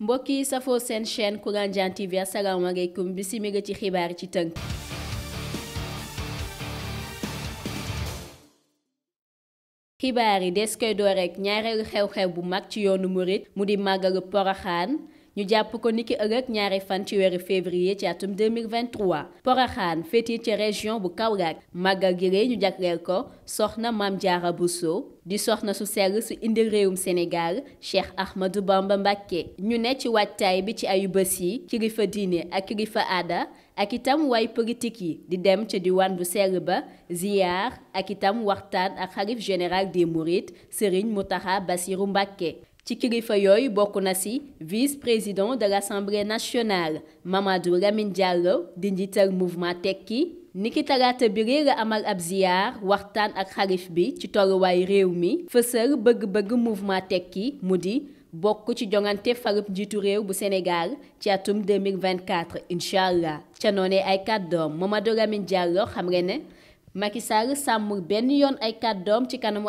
mbokk yi safoo seen chaîne Kulanjan TV asalaamaaleykum bisimilah ci xibaar ci tënk. xibaar yi des koy door rek ñaareelu xew-xew bu mag ci yoonu murit mu di màggalu poroxaan. ñu jàpp ko niki ëllëg ñaari fan ci weeru février ci atum 2023 Poroxaan féete ci région bu Kaolack màggal gi ñu jagleel ko soxna Maam Jaara Bousso di soxna su sell su indi réewum Sénégal Cheikh Ahmadou Bamba Mbacké ñu ne ci waajtaay bi ci ayu bës yi kilifa diine ak kilifa aada ak itam waay politique yi di dem ca diwaan bu sell ba ziyaar ak itam waxtaan ak xalif général des Mourides mu taxa Bassirou Mbacké ci Fayoyi, Bokonasi, vice-président de l'Assemblée nationale Mamadou Lamine Diallo mouvement tekki Nikita talaata bi amal ab Wartan waxtaan ak xalif bi ci bug mouvement tekki Moudi, di bokk ci jongante farub bu Sénégal ci 2024 inch'Allah, allah ca Mamadou Lamine Diallo xam nga ne Macky Sall sàmmul benn yoon ay ci kanamu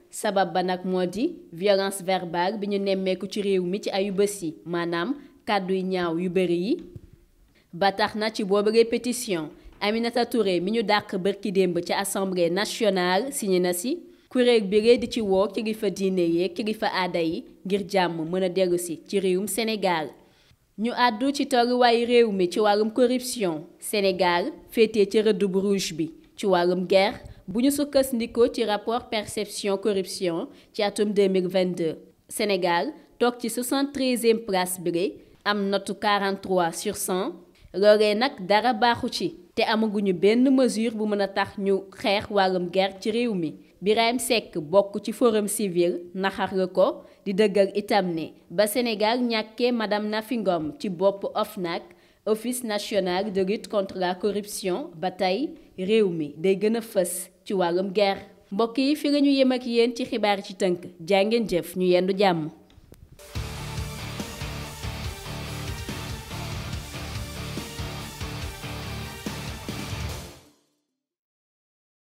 sabab banak violence verbale bi ñu ku ci réew mi ci ayu manam kaddu ñaaw yu bëri yi. ba ci répétition Aminata Touré mi ñu assemblée nationale signé na si de bi di ci woo kilifa diine yeeg kilifa aada yi ngir jamm mëna déggu ci ci réewum Sénégal. ñu addu ci way réew mi ci corruption Sénégal fété ci rëdd bu bi ci guerre. Bougnou ñu sukkandikoo ci rapport perception corruption ci atum 2022 Sénégal toog ci 73e place bi am notu 43 sur 100 loolee nak dara baaxu ci te amaguñu benn mesure bu mën tax ñu xeex wàllum guerre ci réew mi Seck ci forum civil naxar ko di dëggal itam ne ba Sénégal ñaké madame Nafingom, ci bop nak office national de lutte contre la corruption Bataille, Réoumé, des mi day vois, guerre mbokk yi fi la ñu yem ak ci xibaar ci